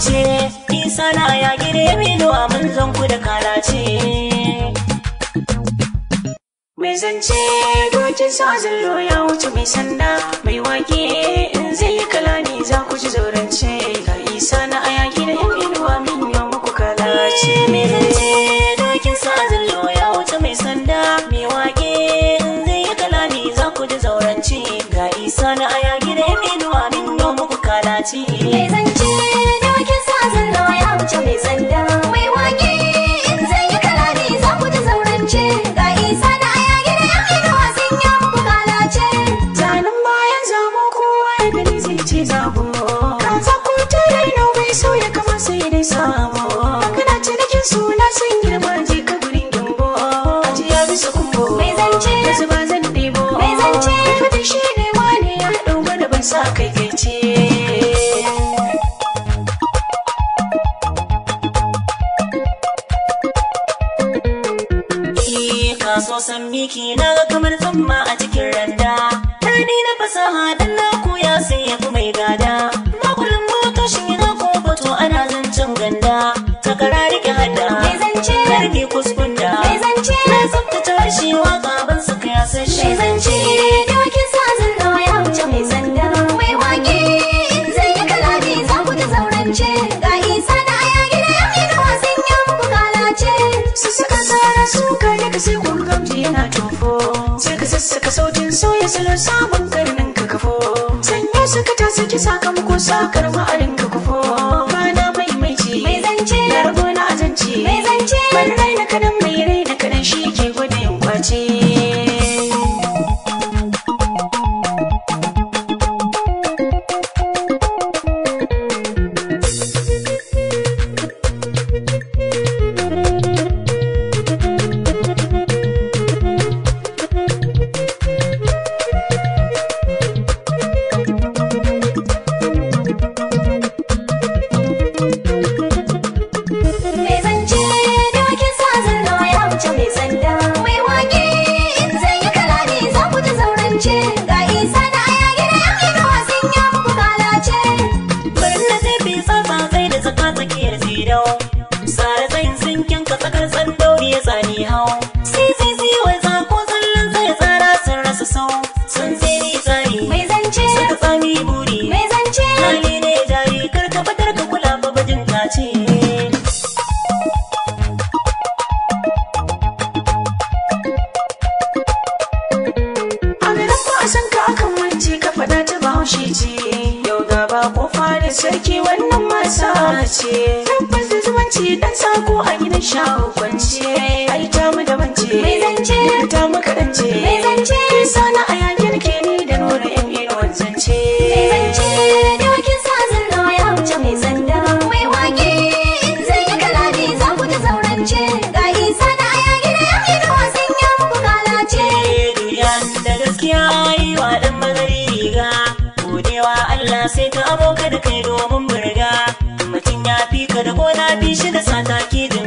zance isa na ya gire mino a manzon ku da kalace mai zance dokin sa zallo ya wuce mai sanda mai wake in zai yi kala ne za ku ji zaurance ga isa na a ya gire mino a minyan muku kala ce mai zance dokin sa zallo ya wuce mai sanda mai wake in zai yi kala ne za ku ji zaurance ga isa na a ya gire mino a minyan muku kala kalace sa kai eh, kai ce so san miki na ga kamar tsamma a cikin randa. Tani na fasaha dan na koya sai yafi mai gada. lalace isa da aya gida yau ya gama sun yan ku lalace su suka tsara su ka ne ka sai kun gamji yana tofo sai ka sassaka sautin sauya salon sabon karnin ka kafo sanya suka ta saki sakamako sakar ma'arin A Amina ko san ka kan wanci ka fada ta bahaushe ce yau gaba ko da sarki wannan masa ce tabbas zumunci dan sako a gidan shago. Allah sai ka aboka da kai domin burga mutum ya fi ka da ko fi shi da sataki da